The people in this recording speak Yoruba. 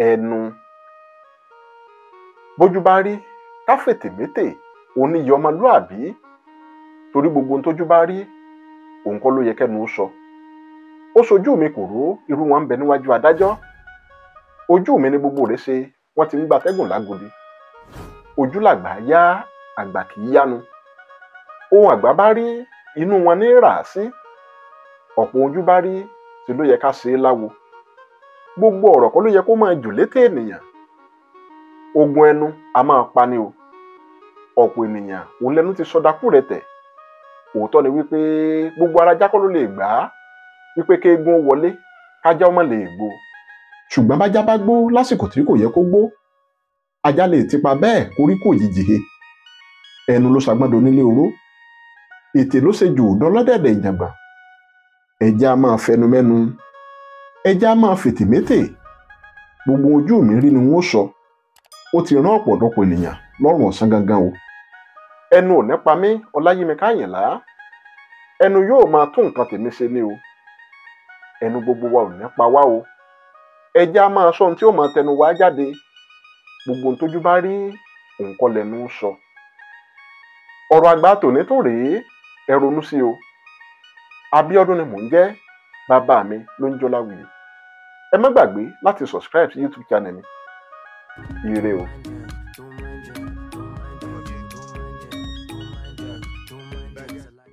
ẹnu bójú bá rí káfètèmétè òun níyì torí gbogbo ohun tójú bá rí òun kọ́ ló yẹ kẹ́nu ó sọ ó sojú mi kò ró irú wọn ń bẹ níwájú ojú mi ni gbogbo rẹ̀ ṣe wọ́n ti ń gbatẹ́gùn lágodi ojú làgbà yá àgbà kì í yánu ohun àgbà bá rí inú wọn ní rà á sí ọ̀pọ̀ ojú bá rí ló yẹ ká ṣe é láwo gbogbo ọ̀rọ̀ kọ́ ló yẹ kó máa jù létè ènìyàn ogun ẹnu a máa pani o ọ̀pọ̀ ènìyàn òun lẹnu ti sọdakú rẹ tẹ̀ òótọ́ ni wípé gbogbo arajá kọ́ ló lè gbà á wípé kéegun wọlé kájá ọmọ lè gbó ṣùgbọ́n bájá bá gbó lásìkò tí kò yẹ kó gbó ajá lè tipa bẹ́ẹ̀ orí kò jìjì he ẹnu ló sagbọ́n donílé oró ètè ló ṣe jù dọ́lọ́dẹ̀dẹ̀ ìjàngbọ̀n ẹ̀jẹ̀ a máa fẹnu mẹ́nu ẹja máa fètèmétè gbogbo ojú mi rí ni wọ́n sọ ó ti rán ọ̀pọ̀lọpọ̀ ènìyàn lọ́rùn ọ̀sán gangan o ẹnu ò ní pa mí ọláyími káyìnlá ẹnu yóò máa tún nǹkan tèmi ṣe ni o ẹnu gbogbo wa ò ní pa wá o ẹja máa sọ ohun tí ó máa tẹnu wá jáde gbogbo ohun tójú bá rí nǹkan lẹnu ń sọ ọ̀rọ̀ àgbà tòní tó rèé ẹ ronú sí o Abíọ́dún ni mò ń jẹ́ bàbá mi ló ń jọlá wuyì. ẹ má gbàgbé láti subscribe sí YouTube channel mi ire o.